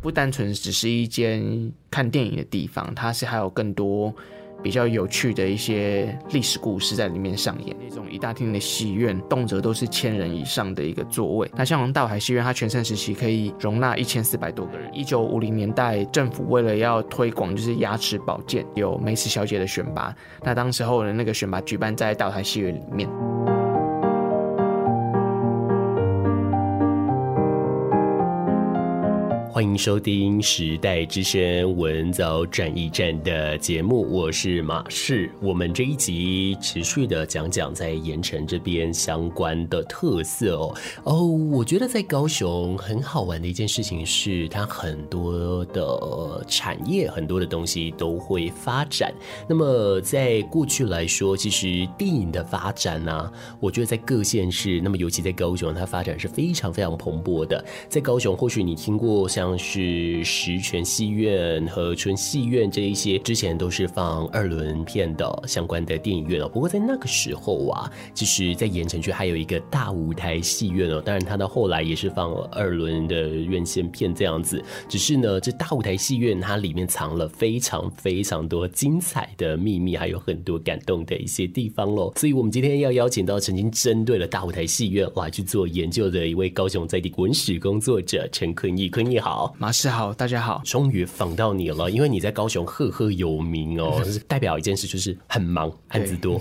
不單純只是一間看電影的地方，它是還有更多比較有趣的一些歷史故事在裡面上演。那種一大廳的戲院，動輒都是千人以上的一個座位。那像大舞台戲院，它全盛時期可以容納一千四百多個人。一九五零年代，政府為了要推廣就是牙齒保健，有美齒小姐的選拔。那當時候的那個選拔舉辦在大舞台戲院裡面。歡迎收聽《時代之聲》文藻戰役戰的節目，我是馬氏。我們這一集持續的講講在鹽埕這邊相關的特色哦哦。我覺得在高雄很好玩的一件事情是，它很多的、呃、產業、很多的東西都會發展。那麼在過去來說，其實電影的發展呢、啊，我覺得在各縣市，那麼尤其在高雄，它發展是非常非常蓬勃的。在高雄，或許你聽過像。像是十全戲院、和春戲院這一些，之前都是放二輪片的相關的電影院了。不過在那個時候啊，其實，在鹽埕區還有一個大舞台戲院哦。當然，他到後來也是放二輪的院線片這樣子。只是呢，這大舞台戲院它裡面藏了非常非常多精彩的秘密，還有很多感動的一些地方嘍。所以我們今天要邀請到曾經針對了大舞台戲院哇去做研究的一位高雄在地文史工作者陳坤毅。坤毅好。好，馬士好，大家好，終於訪到你了，因為你在高雄赫赫有名哦， 就是代表一件事，就是很忙，案子多。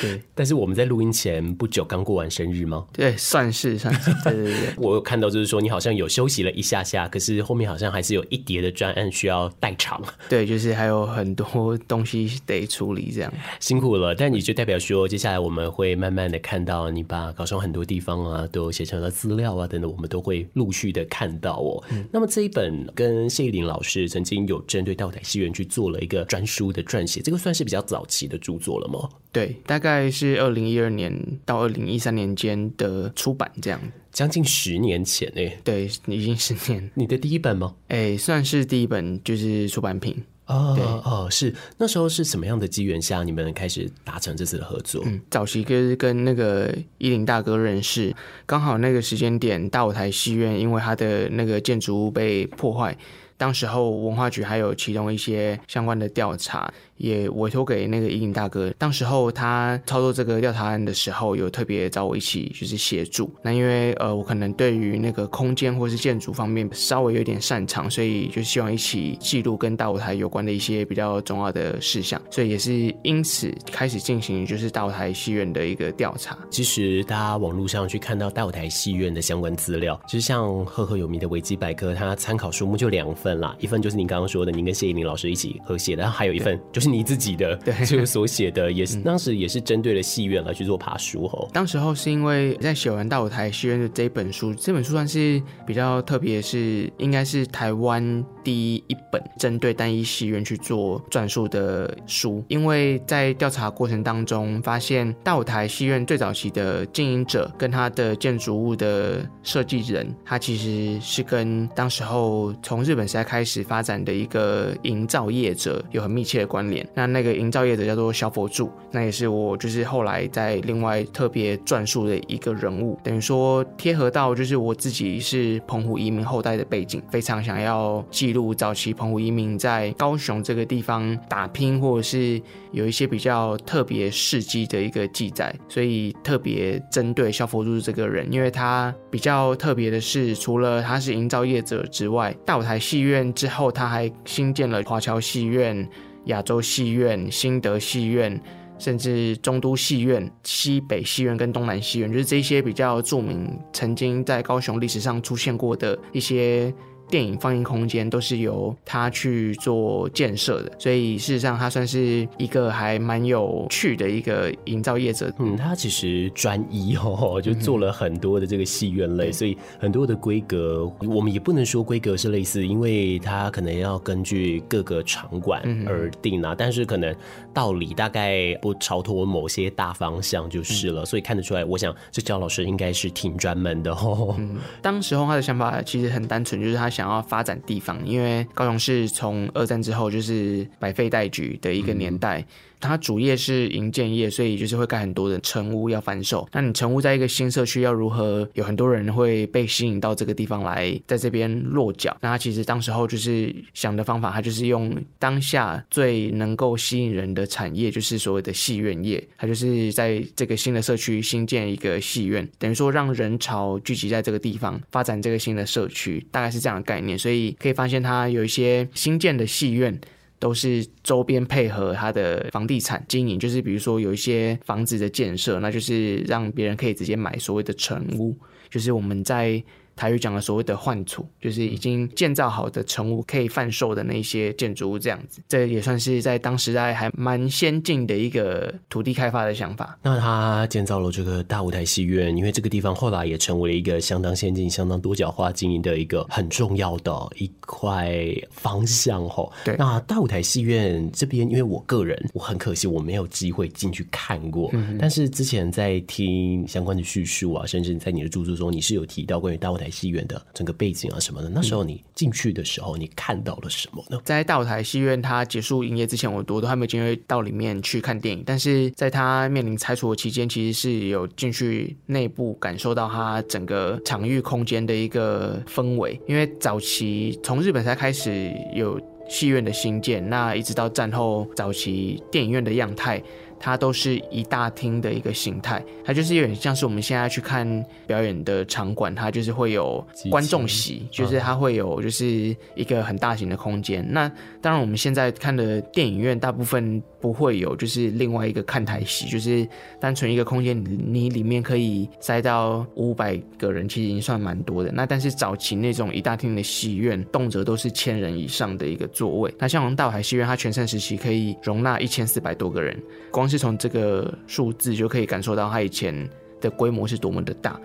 對， 對，但是我們在錄音前不久剛過完生日嗎？對，算是算是。對對對， 我有看到，就是說你好像有休息了一下下，可是後面好像還是有一疊的專案需要代償。對，就是還有很多東西得處理這樣。辛苦了，但你就代表說，接下來我們會慢慢的看到，你把高雄很多地方啊，都寫成了資料啊等等，我們都會陸續的看到哦。嗯、那麼這一本跟謝依霖老師曾經有針對大舞台戲院去做了一個專書的撰寫，這個算是比較早期的著作了嗎？對，大概是二零一二年到二零一三年間的出版這樣，將近十年前誒、欸，對，已經十年，你的第一本嗎？哎、欸，算是第一本就是出版品。哦哦，是那時候是什麼樣的機緣下，你們開始達成這次的合作？嗯，早期跟那個依林大哥認識，剛好那個時間點，大舞台戲院因為他的那個建築物被破壞，當時候文化局還有啟動一些相關的調查。也委託給那個伊寧大哥。當時候他操作這個調查案的時候，有特別找我一起就是協助。那因為呃，我可能對於那個空間或是建築方面稍微有點擅長，所以就希望一起記錄跟大舞台有關的一些比較重要的事項。所以也是因此開始進行就是大舞台戲院的一個調查。其實大家網絡上去看到大舞台戲院的相關資料，其實像赫赫有名的維基百科，它參考書目就兩份啦，一份就是您剛剛說的您跟謝依林老師一起合寫的，然後還有一份就是。你自己的對，這個所寫的也是、 嗯、當時也是針對了戲院來去做爬梳吼。當時候是因為在寫完大舞台戲院的這本書，這本書算是比較特別是應該是台灣第一本針對單一戲院去做撰述的書。因為在調查過程當中，發現大舞台戲院最早期的經營者跟他的建築物的設計人，他其實是跟當時候從日本時代開始發展的一個營造業者有很密切的關聯。那那個營造業者叫做蕭佛助，那也是我就是後來在另外特別撰述的一個人物，等於說貼合到就是我自己是澎湖移民後代的背景，非常想要記錄早期澎湖移民在高雄這個地方打拼，或者是有一些比較特別事蹟的一個記載，所以特別針對蕭佛助這個人。因為他比較特別的是，除了他是營造業者之外，大舞台戲院之後他還新建了華僑戲院。亞洲戲院、新德戲院，甚至中都戲院、西北戲院跟東南戲院，就是這些比較著名、曾經在高雄歷史上出現過的一些。電影放映空間都是由他去做建設的，所以事實上他算是一個還蠻有趣的一個營造業者。嗯，他其實專一哦，就做了很多的這個戲院類、嗯，所以很多的規格，我們也不能說規格是類似，因為他可能要根據各個場館而定啊。嗯，但是可能道理大概不超脫某些大方向就是了。嗯、所以看得出來，我想這焦老師應該是挺專門的哦，嗯。當時候他的想法其實很單純，就是他想，想要發展地方，因為高雄市從二戰之後就是百廢待舉的一個年代。嗯它主業是營建業，所以就是會蓋很多的成屋要翻手，那你成屋在一個新社區要如何，有很多人會被吸引到這個地方來，在這邊落腳。那他其實當時候就是想的方法，他就是用當下最能夠吸引人的產業，就是所謂的戲院業。他就是在這個新的社區新建一個戲院，等於說讓人潮聚集在這個地方，發展這個新的社區，大概是這樣的概念。所以可以發現，它有一些新建的戲院。都是周邊配合它的房地產經營，就是比如說有一些房子的建設，那就是讓別人可以直接買所謂的成屋，就是我們在台語講的所謂的“換厝”，就是已經建造好的成屋可以販售的那些建築物，這樣子，這也算是在當時在還蠻先進的一個土地開發的想法。那他建造了這個大舞台戲院，因為這個地方後來也成為了一個相當先進、相當多角化經營的一個很重要的一塊方向。吼，對。那大舞台戲院這邊，因為我個人我很可惜我沒有機會進去看過，mm -hmm. 但是之前在聽相關的敘述啊，甚至在你的著作中，你是有提到關於大舞台戲院。戲院的整個背景啊什麼的，那時候你進去的時候，你看到了什麼呢？在大舞台戲院它結束營業之前，我我都還沒有進去到裡面去看電影，但是在它面臨拆除的期間，其實是有進去內部感受到它整個場域空間的一個氛圍。因為早期從日本才開始有戲院的興建，那一直到戰後早期電影院的樣態，它都是一大廳的一個形態，它就是有點像是我們現在去看表演的場館，它就是會有觀眾席，就是它會有就是一個很大型的空間。那當然我們現在看的電影院大部分不會有，就是另外一個看台席，就是單純一個空間，你你裡面可以塞到五百個人，其實已經算蠻多的。那但是早期那種一大廳的戲院，動輒都是千人以上的一個座位。那像大舞台戲院，它全盛時期可以容納一千四百多個人，光是從這個數字就可以感受到它以前的規模是多麼的大，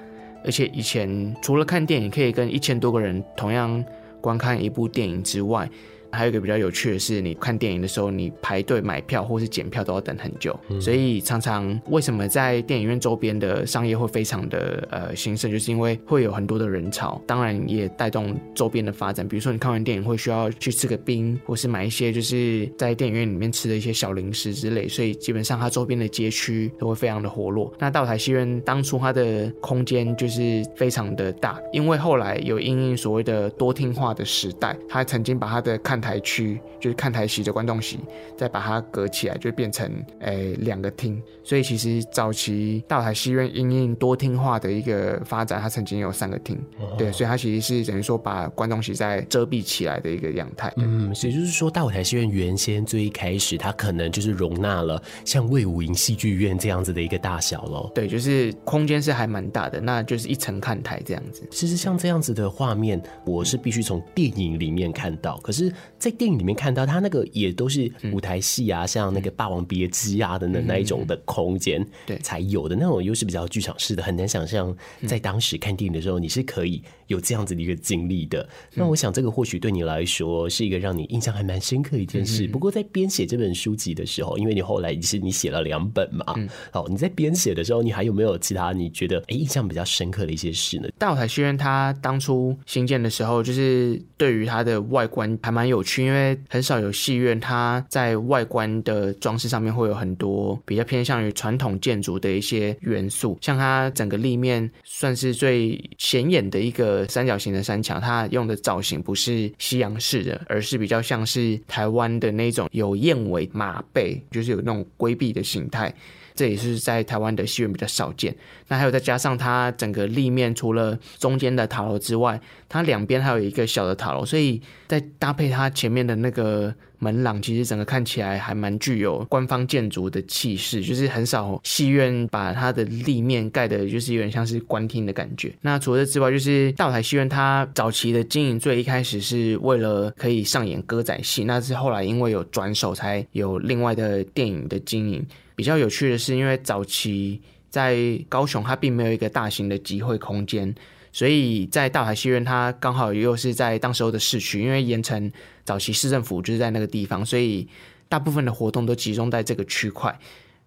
而且以前除了看電影，可以跟一千多個人同樣觀看一部電影之外。還有一個比較有趣的是，你看電影的時候，你排隊買票或是檢票都要等很久，所以常常為什麼在電影院周邊的商業會非常的呃興盛，就是因為會有很多的人潮，當然也帶動周邊的發展。比如說你看完電影會需要去吃個冰，或是買一些就是在電影院裡面吃的一些小零食之類，所以基本上它周邊的街區都會非常的活絡。那大舞台戲院當初它的空間就是非常的大，因為後來有因應所謂的多廳化的時代，它曾經把它的看台區，就是看台席的觀眾席，再把它隔起來，就變成誒兩個廳。所以其實早期大舞台戲院因應多廳化的一個發展，它曾經有三個廳。對，所以它其實是等於說把觀眾席再遮蔽起來的一個樣態。嗯，所以就是說大舞台戲院原先最一開始它可能就是容納了像衛武營戲劇院這樣子的一個大小嘍。對，就是空間是還蠻大的，那就是一層看台這樣子。其實像這樣子的畫面，我是必須從電影裡面看到，可是。在電影裡面看到他那個也都是舞台戲啊、嗯，像那個《霸王別姬》啊等等那一種的空間，對，才有的、嗯、那種，又是比較劇場式的，嗯、很難想象在當時看電影的時候你是可以有這樣子的一個經歷的、嗯。那我想這個或許對你來說是一個讓你印象還蠻深刻的一件事。嗯嗯、不過在編寫這本書籍的時候，因為你後來是你寫了兩本嘛，哦、嗯，你在編寫的時候，你還有沒有其他你覺得哎、欸、印象比較深刻的一些事呢？大舞台戲院它當初新建的時候，就是對於它的外觀還蠻有。去，因為很少有戲院，它在外觀的裝飾上面會有很多比較偏向於傳統建築的一些元素。像它整個立面算是最顯眼的一個三角形的山牆，它用的造型不是西洋式的，而是比較像是台灣的那種有燕尾馬背，就是有那種規避的形態。這也是在台灣的戲院比較少見。那還有再加上它整個立面，除了中間的塔樓之外，它兩邊還有一個小的塔樓，所以在搭配它前面的那個門廊，其實整個看起來還蠻具有官方建築的氣勢。就是很少戲院把它的立面蓋的，就是有點像是官廳的感覺。那除了這之外，就是大舞台戲院它早期的經營，最一開始是為了可以上演歌仔戲，那是後來因為有轉手，才有另外的電影的經營。比較有趣的是，因為早期在高雄，它並沒有一個大型的集會空間，所以在大舞台戲院，它剛好又是在當時候的市區，因為鹽埕早期市政府就是在那個地方，所以大部分的活動都集中在這個區塊。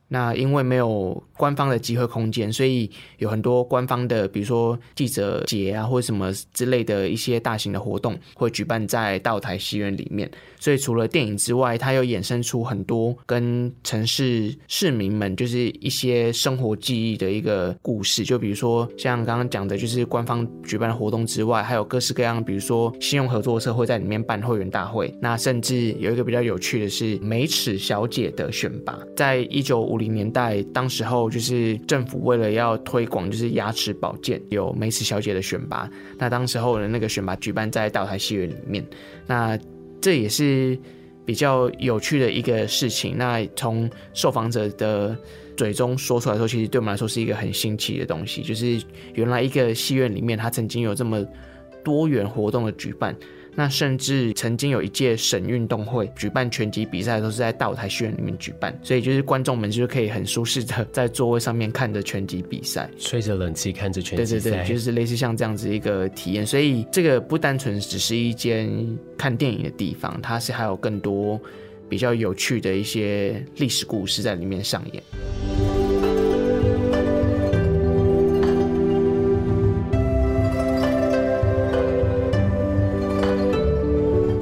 那因為沒有官方的集合空間，所以有很多官方的，比如說記者節啊，或者什麼之類的一些大型的活動會舉辦在大舞台戲院裡面。所以除了電影之外，它又衍生出很多跟城市市民們就是一些生活記憶的一個故事。就比如說像剛剛講的，就是官方舉辦的活動之外，還有各式各樣的，比如說信用合作社會在裡面辦會員大會。那甚至有一個比較有趣的是美齒小姐的選拔，在一九五。零年代，當時候就是政府為了要推廣，就是牙齒保健有美齒小姐的選拔。那當時候的那個選拔舉辦在大舞台戲院裡面，那這也是比較有趣的一個事情。那從受訪者的嘴中說出來說，其實對我們來說是一個很新奇的東西，就是原來一個戲院裡面，它曾經有這麼多元活動的舉辦。那甚至曾經有一屆省運動會舉辦拳擊比賽，都是在大舞台戲院裡面舉辦，所以就是觀眾們就可以很舒適的在座位上面看着拳擊比賽，吹着冷氣看着拳擊賽，對對對，對，就是類似像這樣子一個體驗。所以這個不單純只是一間看電影的地方，它是還有更多比較有趣的一些歷史故事在裡面上演。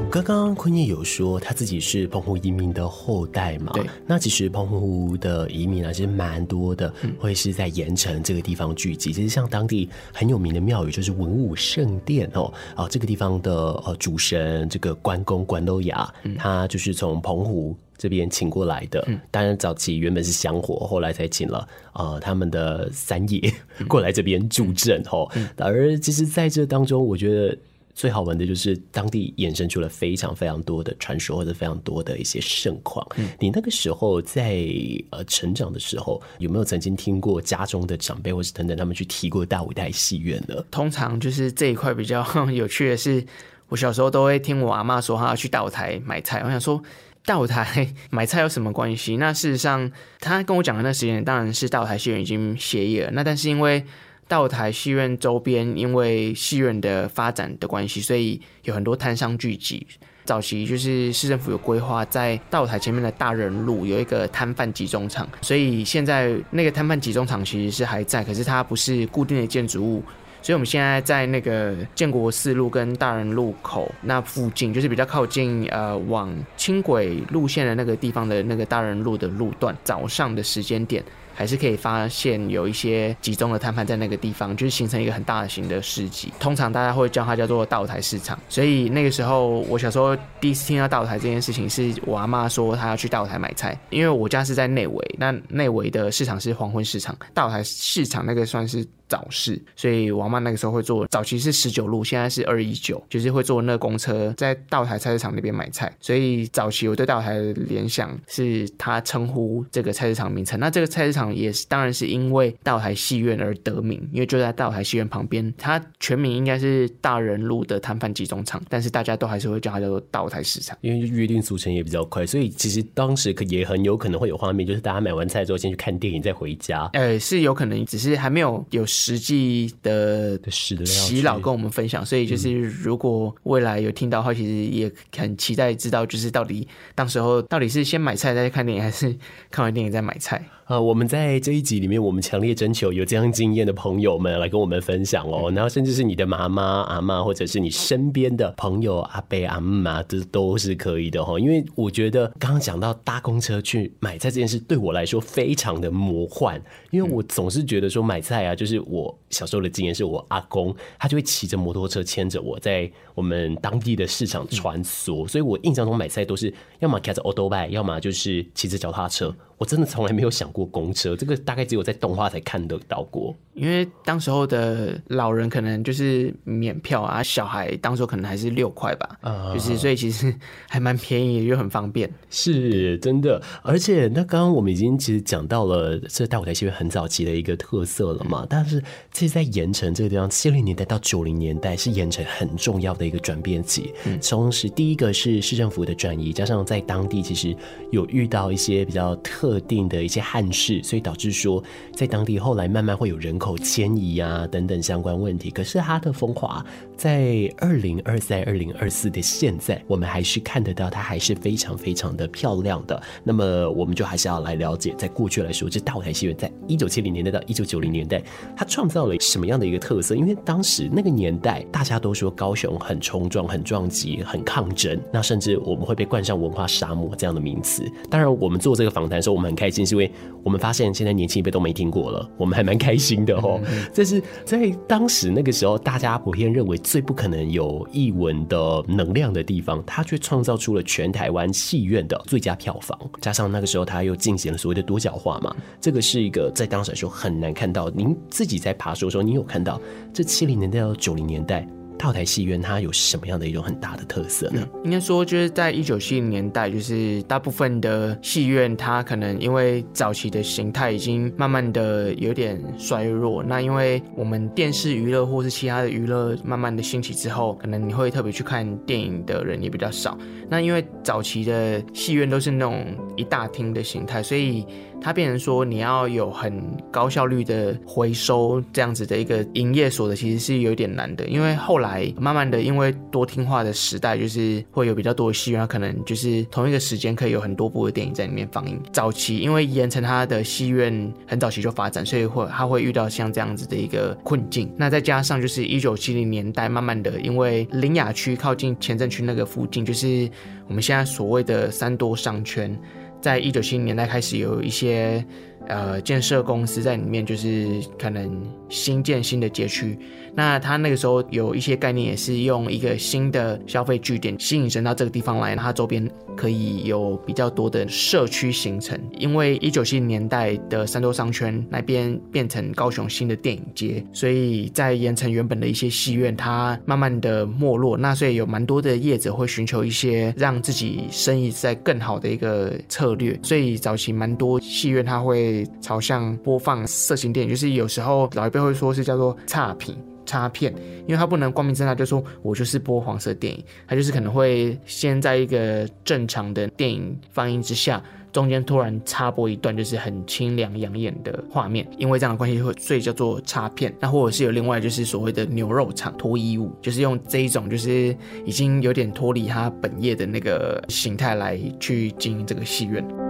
剛剛坤毅有說他自己是澎湖移民的後代嘛？對，那其實澎湖的移民呢、啊，其實蠻多的，會是在鹽埕這個地方聚集。其、嗯、實、就是、像當地很有名的廟宇，就是文武聖殿哦，啊、呃，這個地方的呃主神這個關公關帝爺，嗯，他就是從澎湖這邊請過來的。當、嗯、然早期原本是香火，後來才請了呃他們的三爺 過來這邊助陣哦、嗯嗯。而其實在這當中，我覺得。最好玩的就是當地衍生出了非常非常多的傳說，或者非常多的一些盛況。嗯，你那個時候在呃成長的時候，有沒有曾經聽過家中的長輩或是等等他們去提過大舞台戲院呢？通常就是這一塊比較有趣的是，我小時候都會聽我阿媽說，她要去大舞台買菜。我想說，大舞台買菜有什麼關係？那事實上，她跟我講的那時間，當然是大舞台戲院已經歇業了。那但是因為道台戲院周邊，因為戲院的發展的關係，所以有很多攤商聚集。早期就是市政府有規劃，在道台前面的大仁路有一個攤販集中場，所以現在那個攤販集中場其實是還在，可是它不是固定的建築物。所以我們現在在那個建國四路跟大仁路口那附近，就是比較靠近呃往輕軌路線的那個地方的那個大仁路的路段，早上的時間點。還是可以發現有一些集中的攤販在那個地方，就是形成一個很大型的市集。通常大家會叫它叫做大舞台市場。所以那個時候，我小時候第一次聽到大舞台這件事情，是我阿媽說她要去大舞台買菜。因為我家是在內惟，那內惟的市場是黃昏市場，大舞台市場那個算是。早市，所以我阿嬤那個時候會坐早期是十九路，現在是二一九，就是會坐那個公車，在大舞台菜市場那邊買菜。所以早期我對大舞台的聯想是，他稱呼這個菜市場名稱。那這個菜市場也是，當然是因為大舞台戲院而得名，因為就在大舞台戲院旁邊。它全名應該是大仁路的攤販集中場，但是大家都還是會叫它叫做大舞台市場，因為約定俗成也比較快。所以其實當時可也很有可能會有畫面，就是大家買完菜之後先去看電影，再回家。哎、呃，是有可能，只是還沒有有。實際的洗腦跟我們分享，所以就是如果未來有聽到的話，嗯、其實也很期待知道，就是到底當時候到底是先買菜再看電影，還是看完電影再買菜。啊、呃，我們在這一集裡面，我們強烈徵求有這樣經驗的朋友們來跟我們分享哦。然後，甚至是你的媽媽、阿媽，或者是你身邊的朋友阿伯、阿姆啊，這都是可以的哦。因為我覺得剛剛講到搭公車去買菜這件事，對我來說非常的魔幻，因為我總是覺得說買菜啊，就是我小時候的經驗是我阿公他就會騎着摩托車牽着我在我們當地的市場穿梭，所以我印象中買菜都是要麼開着 Auto bike，要麼就是騎着腳踏車。我真的從來沒有想過公車，這個大概只有在動畫才看得到過。因為當時候的老人可能就是免票啊，小孩當時候可能還是六塊吧、嗯，就是所以其實還蠻便宜又很方便，是真的。而且那剛剛我們已經其實講到了這大舞台戲院很早期的一個特色了嘛，嗯、但是其實，在鹽埕這個地方，七零年代到九零年代是鹽埕很重要的一個轉變期，同、嗯、時第一個是市政府的轉移，加上在當地其實有遇到一些比較特。特定的一些憾事，所以導致說，在當地後來慢慢會有人口遷移啊等等相關問題。可是它的風華在二零二三、二零二四的現在，我們還是看得到它還是非常非常的漂亮的。那麼我們就還是要來了解，在過去來說，這大舞台戲院在一九七零年代到一九九零年代，它創造了什麼樣的一個特色？因為當時那個年代，大家都說高雄很衝撞、很撞擊、很抗爭，那甚至我們會被冠上“文化沙漠”這樣的名詞。當然，我們做這個訪談的時候。我們很開心，是因為我們發現現在年輕一輩都沒聽過了，我們還蠻開心的哦。這、嗯嗯、是在當時那個時候，大家普遍認為最不可能有藝文的能量的地方，他卻創造出了全台灣戲院的最佳票房。加上那個時候他又進行了所謂的多角化嘛，這個是一個在當時來說很難看到。您自己在爬梳的時候，你有看到這七零年代到九零年代，舞台戲院它有什麼樣的一種很大的特色呢？嗯，應該說，就是在一九七零年代，就是大部分的戲院，它可能因為早期的形態已經慢慢的有點衰弱。那因為我們電視娛樂或是其他的娛樂慢慢的興起之後，可能你會特別去看電影的人也比較少。那因為早期的戲院都是那種一大廳的形態，所以它變成說你要有很高效率的回收這樣子的一個營業所得，其實是有點難的，因為後來。慢慢的，因為多廳化的時代，就是會有比較多的戲院，可能就是同一個時間可以有很多部的電影在裡面放映。早期因為鹽埕它的戲院很早期就發展，所以會他會遇到像這樣子的一個困境。那再加上就是一九七零年代，慢慢的因為苓雅區靠近前鎮區那個附近，就是我們現在所謂的三多商圈，在一九七零年代開始有一些。呃，建設公司在裡面就是可能新建新的街區。那他那個時候有一些概念，也是用一個新的消費據點吸引人到這個地方來，它周邊可以有比較多的社區形成。因為一九七零年代的三多商圈那邊變成高雄新的電影街，所以在鹽埕原本的一些戲院，它慢慢的沒落。那所以有蠻多的業者會尋求一些讓自己生意再更好的一個策略。所以早期蠻多戲院它會。朝向播放色情電影，就是有時候老一輩會說是叫做插片、插片，因為他不能光明正大就說我就是播黃色電影，他就是可能會先在一個正常的電影放映之下，中間突然插播一段就是很清涼養眼的畫面，因為這樣的關係會所以叫做插片。那或者是有另外就是所謂的牛肉場脫衣舞，就是用這一種就是已經有點脫離他本業的那個形態來去經營這個戲院。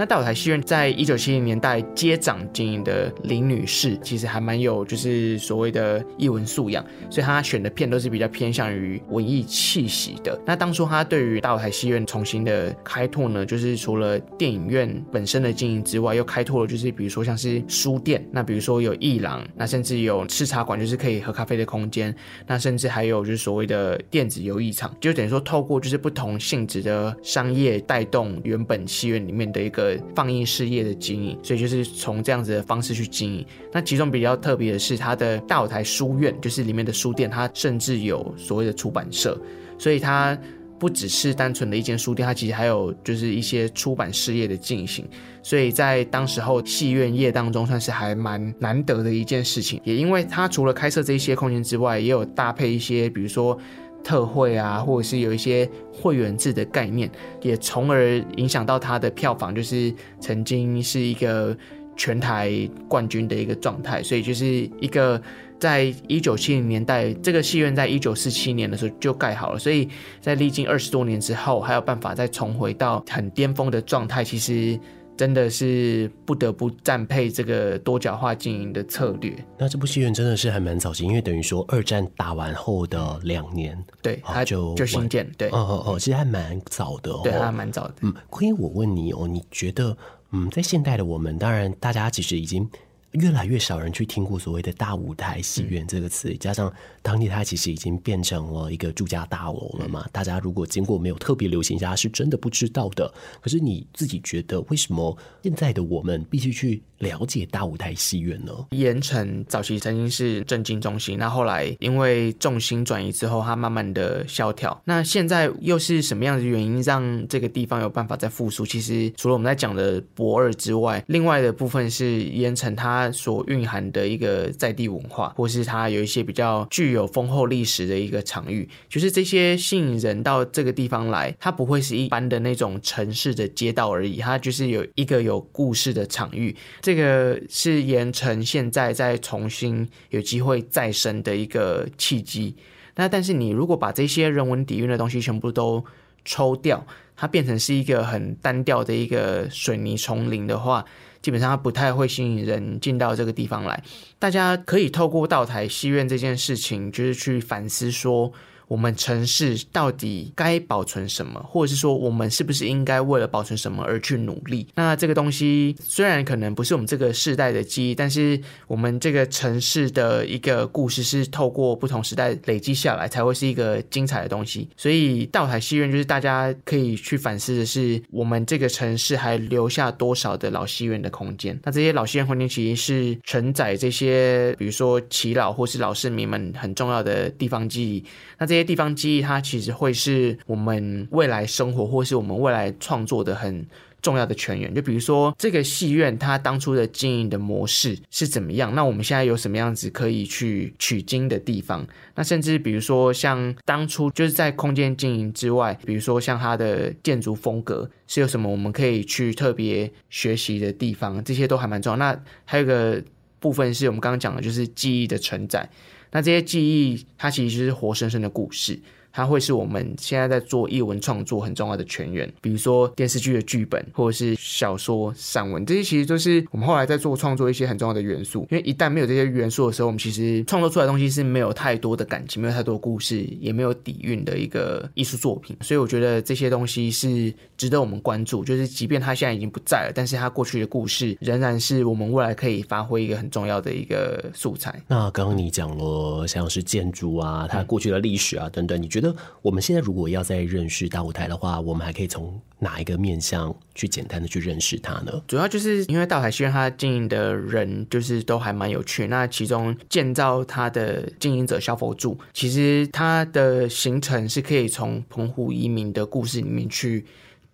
那大舞台戲院在一九七零年代接掌經營的林女士，其實還蠻有就是所謂的藝文素養，所以她選的片都是比較偏向於文藝氣息的。那當初她對於大舞台戲院重新的開拓呢，就是除了電影院本身的經營之外，又開拓了就是比如說像是書店，那比如說有藝廊，那甚至有吃茶館，就是可以喝咖啡的空間，那甚至還有就是所謂的電子遊藝場，就等於說透過就是不同性質的商業帶動原本戲院裡面的一個。放映事業的經營，所以就是從這樣子的方式去經營。那其中比較特別的是，他的大舞台書院，就是裡面的書店，它甚至有所謂的出版社，所以它不只是單純的一間書店，它其實還有就是一些出版事業的進行。所以在當時候戲院業當中，算是還蠻難得的一件事情。也因為它除了開設這些空間之外，也有搭配一些，比如說。特惠啊，或者是有一些會員制的概念，也從而影響到他的票房，就是曾經是一個全台冠軍的一個狀態，所以就是一個在一九七零年代，這個戲院在一九四七年的時候就蓋好了，所以在歷經二十多年之後，還有辦法再重回到很巔峰的狀態，其實。真的是不得不贊佩這個多角化經營的策略。那這部戲院真的是還蠻早期，因為等於說二戰打完後的兩年、嗯，對，它就就新建，對，哦哦哦，其實還蠻早的，對，哦、還蠻早的。嗯，坤毅，我問你哦，你覺得，嗯，在現代的我們，當然大家其實已經。越來越少人去聽過所謂的大舞台戲院這個詞、嗯，加上當地它其實已經變成了一個住家大樓了嘛、嗯。大家如果經過沒有特別流行一下，是真的不知道的。可是你自己覺得，為什麼現在的我們必須去？了解大舞台戲院呢？鹽埕早期曾經是政經中心，那後來因為重心轉移之後，它慢慢的蕭條。那現在又是什麼樣的原因讓這個地方有辦法再復甦？其實除了我們在講的駁二之外，另外的部分是鹽埕它所蘊含的一個在地文化，或是它有一些比較具有豐厚歷史的一個場域，就是這些吸引人到這個地方來，它不會是一般的那種城市的街道而已，它就是有一個有故事的場域。這個是鹽埕現在在重新有機會再生的一個契機。那但是你如果把這些人文底蘊的東西全部都抽掉，它變成是一個很單調的一個水泥叢林的話，基本上它不太會吸引人進到這個地方來。大家可以透過大舞台戲院這件事情，就是去反思說，我們城市到底該保存什麼，或者是說我們是不是應該為了保存什麼而去努力？那這個東西雖然可能不是我們這個世代的記憶，但是我們這個城市的一個故事是透過不同時代累積下來才會是一個精彩的東西。所以，大舞台戲院就是大家可以去反思的是，我們這個城市還留下多少的老戲院的空間？那這些老戲院環境其實是承載這些，比如說耆老或是老市民們很重要的地方記憶。那這些。地方記憶，它其實會是我們未來生活，或是我們未來創作的很重要的泉源。就比如說，這個戲院它當初的經營的模式是怎麼樣？那我們現在有什麼樣子可以去取經的地方？那甚至比如說，像當初就是在空間經營之外，比如說像它的建築風格是有什麼我們可以去特別學習的地方？這些都還蠻重要。那還有一個部分是我們剛剛講的，就是記憶的承載。那這些記憶，它其實是活生生的故事。它會是我們現在在做藝文創作很重要的泉源。比如說電視劇的劇本，或者是小說、散文這些，其實都是我們後來在做創作一些很重要的元素。因為一旦沒有這些元素的時候，我們其實創作出來的東西是沒有太多的感情，沒有太多的故事，也沒有底蘊的一個藝術作品。所以我覺得這些東西是值得我們關注。就是即便他現在已經不在了，但是他過去的故事仍然是我們未來可以發揮一個很重要的一個素材。那剛剛你講了，像是建築啊，他過去的歷史啊，等等，你覺得？那我，我們現在如果要再認識大舞台的話，我們還可以從哪一個面向去簡單的去認識它呢？主要就是因為大舞台戲院它經營的人就是都還蠻有趣，那其中建造它的經營者蕭佛助，其實他的行程是可以從澎湖移民的故事裡面去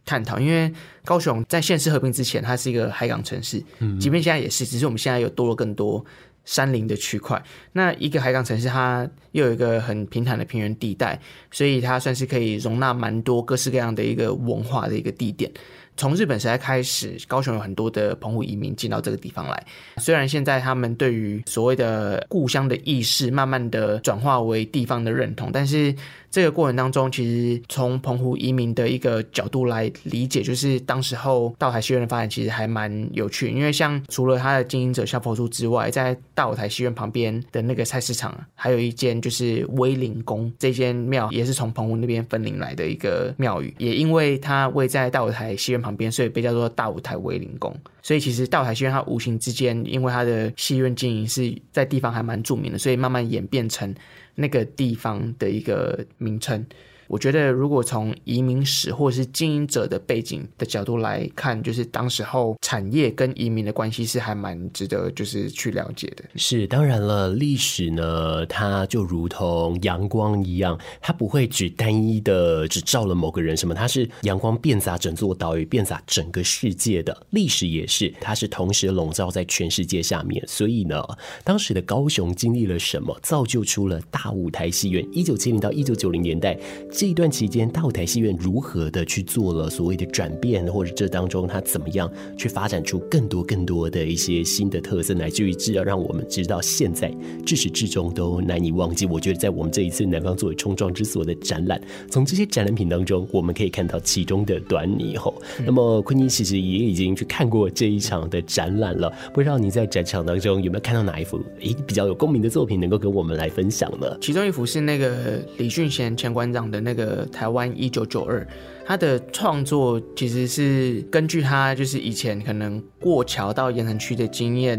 探討。因為高雄在縣市合併之前，它是一個海港城市，嗯，即便現在也是，只是我們現在有多了更多。山林的區塊，那一個海港城市，它又有一個很平坦的平原地帶，所以它算是可以容納蠻多各式各樣的一個文化的一個地點。從日本時代開始，高雄有很多的澎湖移民進到這個地方來，雖然現在他們對於所謂的故鄉的意識，慢慢的轉化為地方的認同，但是。這個過程當中，其實從澎湖移民的一個角度來理解，就是當時候大舞台戲院的發展其實還蠻有趣，因為像除了他的經營者蕭佛助之外，在大舞台戲院旁邊的那個菜市場，還有一間就是威靈宮，這間廟也是從澎湖那邊分靈來的一個廟宇，也因為它位在大舞台戲院旁邊，所以被叫做大舞台威靈宮。所以其實大舞台戲院它無形之間，因為它的戲院經營是在地方還蠻著名的，所以慢慢演變成。那個地方的一個名稱。我覺得，如果從移民史或是經營者的背景的角度來看，就是當時候產業跟移民的關係是還蠻值得就是去了解的。是，當然了，歷史呢，它就如同陽光一樣，它不會只單一的只照了某個人什麼，它是陽光遍灑整座島嶼，遍灑整個世界的歷史也是，它是同時籠罩在全世界下面。所以呢，當時的高雄經歷了什麼，造就出了大舞台戲院？一九七零到一九九零年代。這一段期間，大舞台戲院如何的去做了所謂的轉變，或者這當中他怎麼樣去發展出更多更多的一些新的特色來，乃至於至，要讓我們直到現在自始至終都難以忘記。我覺得在我們這一次南方作為衝撞之所的展覽，從這些展覽品當中，我們可以看到其中的端倪。吼、嗯、那麼坤毅其實也已經去看過這一場的展覽了，不知道你在展場當中有沒有看到哪一幅誒、欸、比較有共鳴的作品能夠跟我們來分享呢？其中一幅是那個李俊賢前館長的。那個台灣一九九二，他的創作其實是根據他就是以前可能過橋到鹽埕區的經驗，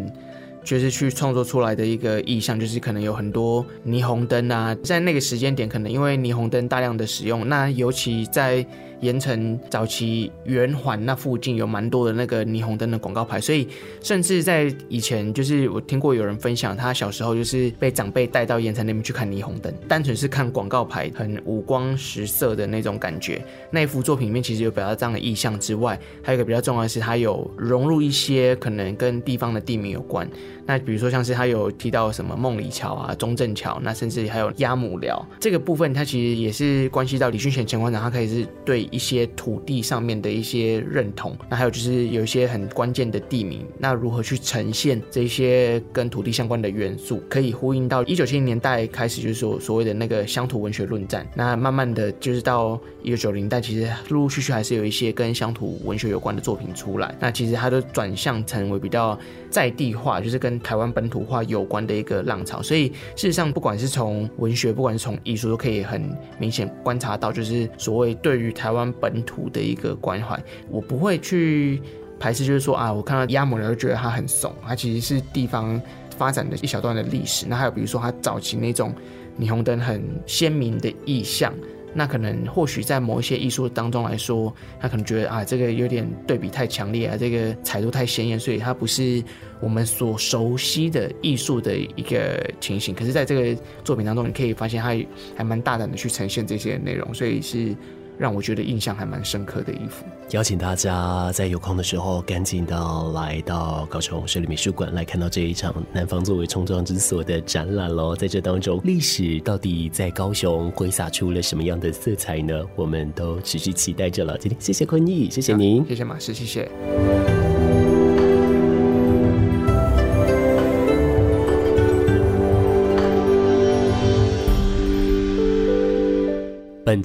就是去創作出來的一個意象，就是可能有很多霓虹燈啊，在那個時間點，可能因為霓虹燈大量的使用，那尤其在。鹽埕早期圓環那附近有蠻多的那個霓虹燈的廣告牌，所以甚至在以前，就是我聽過有人分享，他小時候就是被長輩帶到鹽埕那邊去看霓虹燈，單純是看廣告牌很五光十色的那種感覺。那一幅作品裡面其實有表達這樣的意象之外，還有一個比較重要的是，它有融入一些可能跟地方的地名有關。那比如說像是他有提到什麼夢裡橋啊、中正橋，那甚至還有鴨母寮這個部分，它其實也是關係到李俊賢前館長，他可以是對。一些土地上面的一些認同，那還有就是有一些很關鍵的地名，那如何去呈現這一些跟土地相關的元素，可以呼應到一九七零年代開始，就是所所謂的那個鄉土文學論戰。那慢慢的就是到一九九零代，其實陸陸續續還是有一些跟鄉土文學有關的作品出來。那其實它都轉向成為比較在地化，就是跟台灣本土化有關的一個浪潮。所以事實上，不管是從文學，不管是從藝術，都可以很明顯觀察到，就是所謂對於台灣。本土的一個關懷，我不會去排斥，就是說啊，我看到亞某人就覺得他很慫，他其實是地方發展的一小段的歷史。那還有比如說他早期那種霓虹燈很鮮明的意象，那可能或許在某一些藝術當中來說，他可能覺得啊，這個有點對比太強烈啊，這個彩度太鮮艷，所以他不是我們所熟悉的藝術的一個情形。可是，在這個作品當中，你可以發現他還，還蠻大膽的去呈現這些內容，所以是。讓我覺得印象還蠻深刻的衣服。邀請大家在有空的時候，趕緊的來到高雄市立美術館來看到這一場“南方作為衝撞之所”的展覽咯。在這當中，歷史到底在高雄揮灑出了什麼樣的色彩呢？我們都持續期待着了。今天謝謝坤毅，謝謝您，謝謝馬師，啊，謝謝。